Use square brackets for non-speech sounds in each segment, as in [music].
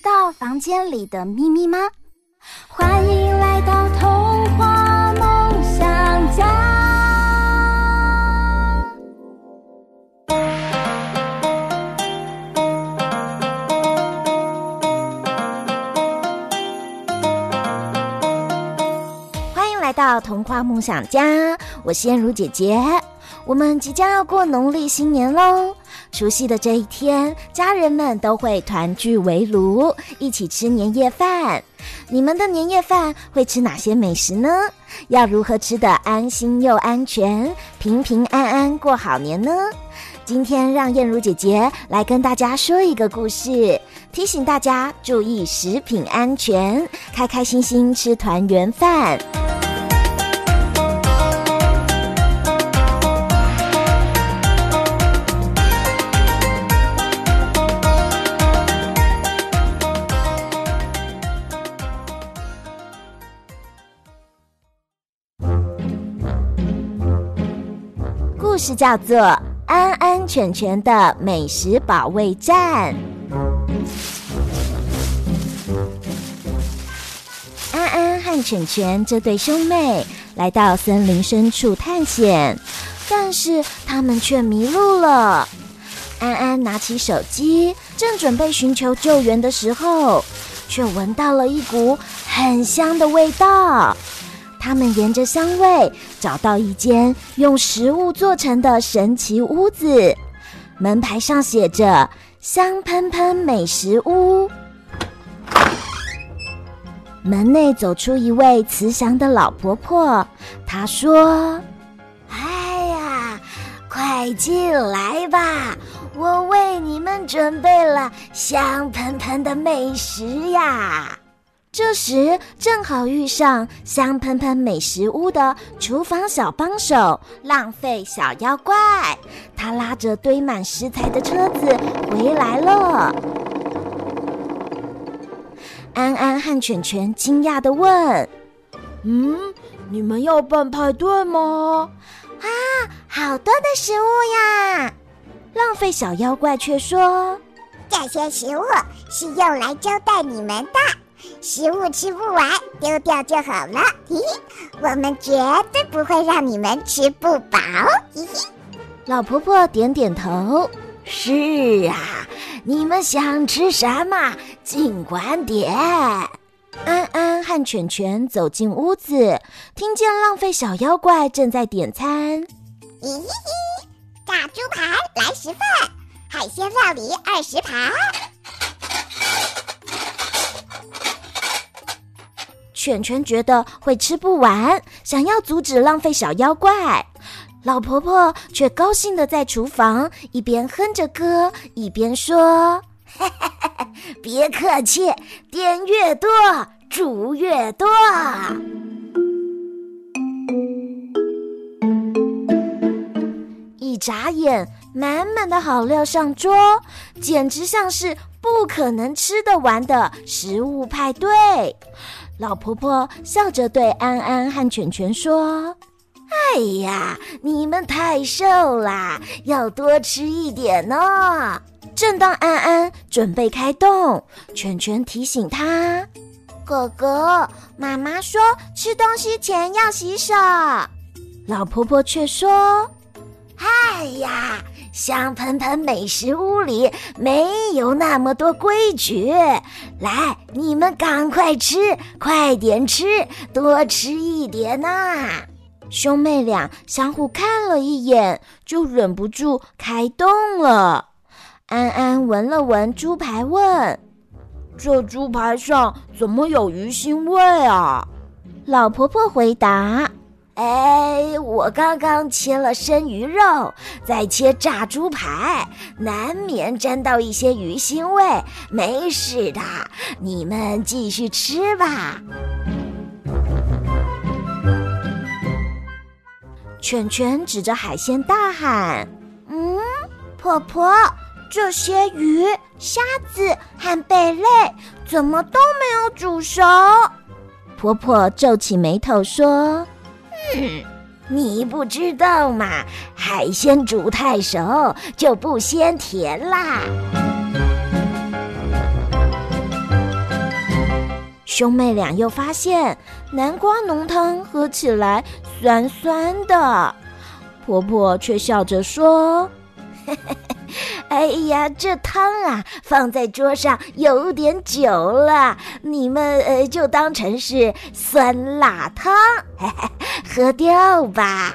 知道房間裡的秘密嗎？歡迎來到童話夢想家！歡迎來到童話夢想家，我是彥如姐姐。我們即將要過農曆新年嘍！除夕的這一天，家人們都會團聚圍爐，一起吃年夜飯。你們的年夜飯會吃哪些美食呢？要如何吃得安心又安全，平平安安過好年呢？今天讓彥如姐姐來跟大家說一個故事，提醒大家注意食品安全，開開心心吃團圓飯。是叫做《安安全全的美食保衛戰》。安安和全全這對兄妹來到森林深處探險，但是他們卻迷路了。安安拿起手機，正準備尋求救援的時候，卻聞到了一股很香的味道。他們沿着香味找到一間用食物做成的神奇屋子，門牌上寫着“香噴噴美食屋”。門內走出一位慈祥的老婆婆，她說：“哎呀，快進來吧，我為你們準備了香噴噴的美食呀。”這時正好遇上香噴噴美食屋的廚房小幫手浪費小妖怪，他拉着堆滿食材的車子回來了。安安和全全驚訝地問：“嗯，你們要辦派對嗎？”“啊，好多的食物呀！”浪費小妖怪卻說：“這些食物是用來招待你們的。”食物吃不完，丟掉就好了。嘿嘿，我們絕對不會讓你們吃不飽。嘿嘿，老婆婆點點頭。是啊，你們想吃什麼，儘管點。嗯、安安和全全走進屋子，聽見浪費小妖怪正在點餐。嘿嘿嘿，炸豬排來十份，海鮮料理二十盤。全全覺得會吃不完，想要阻止浪費小妖怪。老婆婆卻高興的在廚房一邊哼着歌，一邊說：“ [laughs] 別客氣，點越多，煮越多。” [noise] 一眨眼，滿滿的好料上桌，簡直像是不可能吃得完的食物派對。老婆婆笑着對安安和全全說：“哎呀，你們太瘦啦，要多吃一點呢、哦。”正當安安準備開動，全全提醒他：“哥哥，媽媽說吃東西前要洗手。”老婆婆卻說：“哎呀。”香噴噴美食屋裡沒有那麼多規矩，來，你們趕快吃，快點吃，多吃一點吶啊！兄妹倆相互看了一眼，就忍不住開動了。安安聞了聞豬排，問：“這豬排上怎麼有魚腥味啊？”老婆婆回答。哎，我剛剛切了生魚肉，再切炸豬排，難免沾到一些魚腥味，沒事的，你們繼續吃吧。全全指着海鮮大喊：“嗯，婆婆，這些魚、蝦子和貝類怎麼都沒有煮熟？”婆婆皺起眉頭說。你不知道嘛？海鮮煮太熟就不鮮甜啦。兄妹倆又發現南瓜濃湯喝起來酸酸的，婆婆卻笑着說：“ [laughs] 哎呀，這湯啊，放在桌上有點久了，你們、呃、就當成是酸辣湯。 [laughs] ”喝掉吧！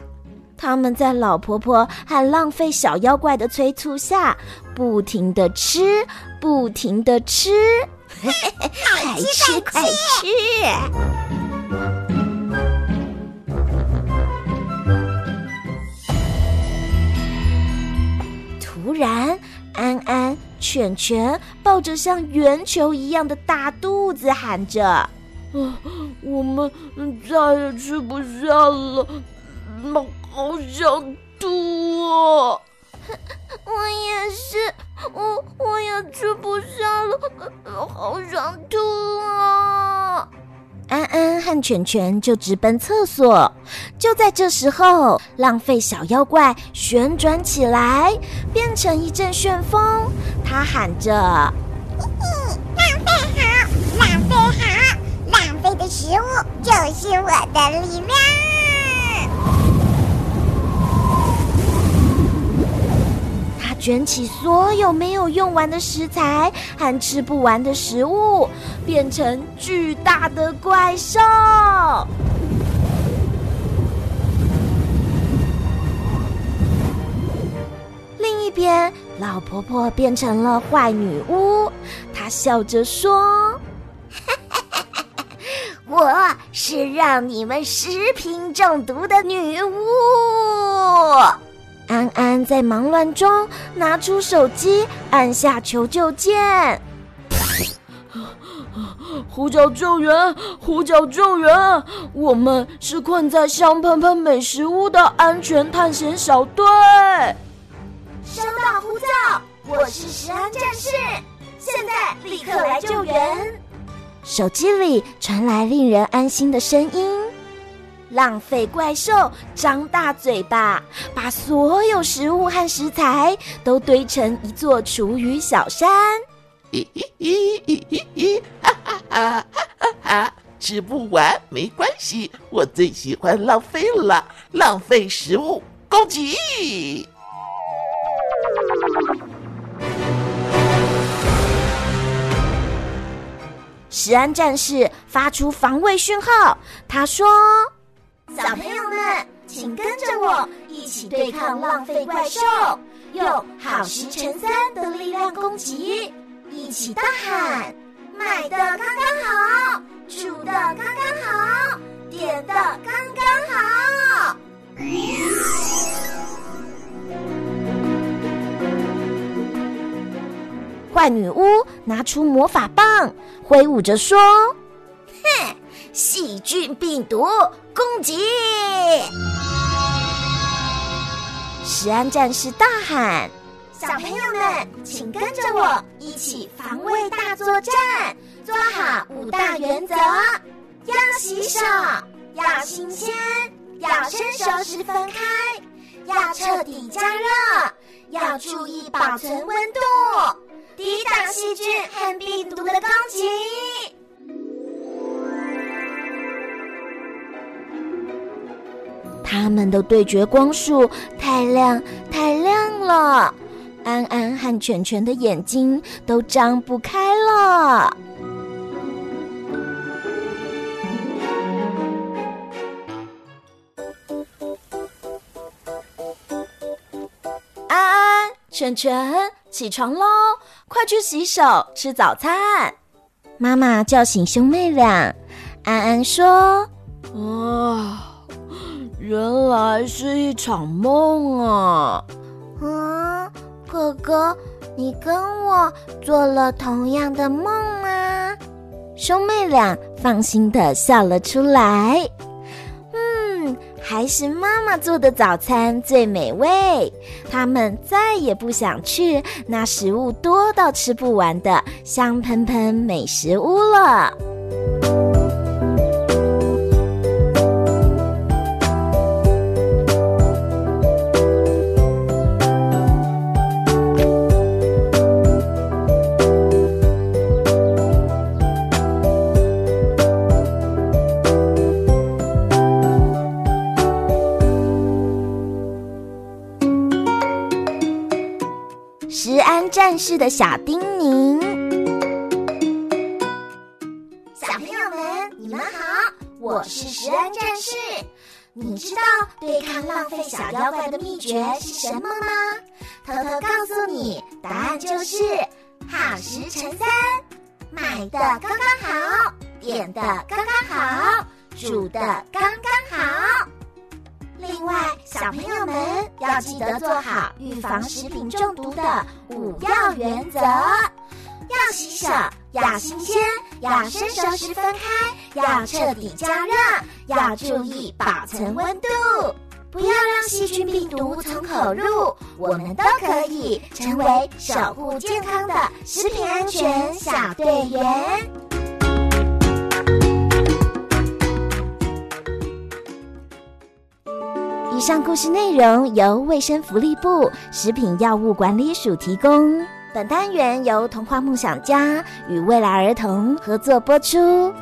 他們在老婆婆和浪費小妖怪的催促下，不停地吃，不停地吃，嘿嘿嘿，快吃，快吃！突然，安安全全抱着像圓球一樣的大肚子喊着。啊，我們再也吃不下了，好，好想吐啊！我也是，我我也吃不下了，好想吐啊！安安和全全就直奔廁所。就在這時候，浪費小妖怪旋轉起來，變成一陣旋風。他喊着：“浪費好，浪費好！”食物就是我的力量！他捲起所有沒有用完的食材和吃不完的食物，變成巨大的怪獸。另一邊，老婆婆變成了壞女巫，她笑着說：“ [laughs] 我是讓你們食品中毒的女巫。安安在忙亂中拿出手機，按下求救鍵，呼叫救援，呼叫救援！我們是困在香噴噴美食屋的安全探險小隊。收到呼叫，我是食安戰士，現在立刻來救援。手機裡傳來令人安心的聲音：“浪費怪獸張大嘴巴，把所有食物和食材都堆成一座廚餘小山。咦咦咦咦咦咦！哈哈哈哈哈哈！吃不完沒關係，我最喜歡浪費了，浪費食物攻擊。”食安戰士發出防衛訊號，他說：“小朋友們，請跟着我一起對抗浪費怪獸，用好食成三的力量攻擊！一起大喊：買的剛剛好，煮的剛剛好，點的剛剛好！壞女巫。”拿出魔法棒，揮舞着說：“哼，細菌病毒攻擊！”食安戰士大喊：“小朋友們，請跟着我一起防衛大作戰，作戰做好五大原則：要洗手，要新鮮，要生熟食分開，要徹底加熱，要注意保存溫度。”抵擋細菌和病毒的攻擊，他們的對決光束太亮太亮了，安安和全全的眼睛都張不開了。全全起床嘍！快去洗手、吃早餐。媽媽叫醒兄妹倆，安安說：“啊，原來是一場夢啊！”啊、嗯，哥哥，你跟我做了同樣的夢嗎？兄妹倆放心地笑了出來。還是媽媽做的早餐最美味，他們再也不想去那食物多到吃不完的香噴噴美食屋了。的小叮嚀，小朋友們，你們好，我是食安戰士。你知道對抗浪費小妖怪的秘訣是什麼嗎？偷偷告訴你，答案就是：好食成三，買得剛剛好，點得剛剛好，煮得剛剛好。另外，小朋友們要記得做好預防食品中毒的五要原則：要洗手，要新鮮，要生熟食分開，要徹底加熱，要注意保存溫度。不要讓細菌病毒從口入，我們都可以成為守護健康的食品安全小隊員。以上故事內容由衛生福利部食品藥物管理署提供。本單元由童話夢想家與未來兒童合作播出。